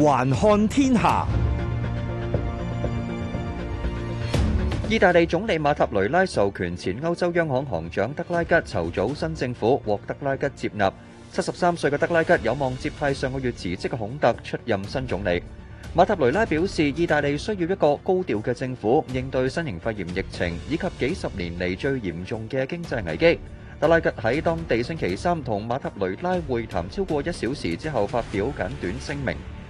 環看天下。意大利總理馬塔雷拉授權前歐洲央行行長德拉吉籌組新政府，獲得德拉吉接納。七十三歲嘅德拉吉有望接替上個月辭職嘅孔特出任新總理。馬塔雷拉表示，意大利需要一個高調嘅政府應對新型肺炎疫情以及幾十年嚟最嚴重嘅經濟危機。德拉吉喺當地星期三同馬塔雷拉會談超過一小時之後，發表簡短聲明。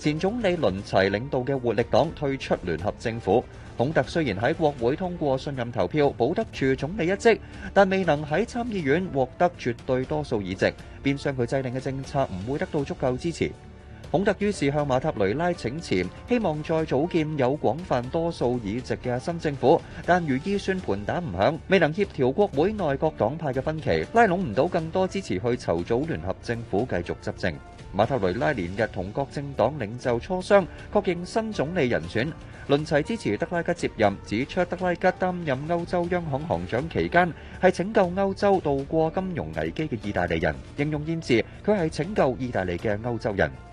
前總理倫齊領導嘅活力黨退出聯合政府。孔特雖然喺國會通過信任投票保得住總理一職，但未能喺參議院獲得絕對多數議席，變相佢制定嘅政策唔會得到足夠支持。孔特於是向馬塔雷拉請辭，希望再組建有廣泛多數議席嘅新政府，但如意算盤打唔響，未能協調國會內各黨派嘅分歧，拉攏唔到更多支持去籌組聯合政府繼續執政。馬塔雷拉連日同各政黨領袖磋商，確認新總理人選，輪齊支持德拉吉接任，指出德拉吉擔任歐洲央行行長期間係拯救歐洲渡過金融危機嘅意大利人，形容言詞佢係拯救意大利嘅歐洲人。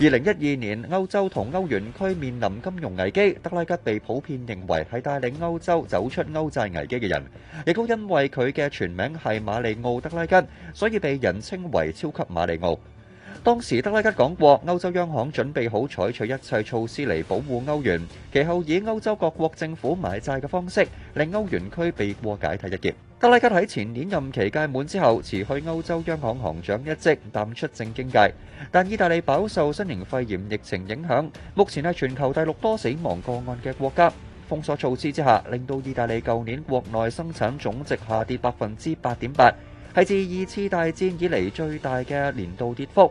二零一二年，歐洲同歐元區面臨金融危機，德拉吉被普遍認為係帶領歐洲走出歐債危機嘅人，亦都因為佢嘅全名係馬利奧德拉吉，所以被人稱為超級馬利奧。當時德拉吉講過，歐洲央行準備好採取一切措施嚟保護歐元。其後以歐洲各國政府買債嘅方式，令歐元區避過解體一劫。德拉吉喺前年任期屆滿之後，辭去歐洲央行行長一職，淡出政經界。但意大利飽受新型肺炎疫情影響，目前係全球第六多死亡個案嘅國家。封鎖措施之下，令到意大利舊年國內生產總值下跌百分之八點八，係自二次大戰以嚟最大嘅年度跌幅。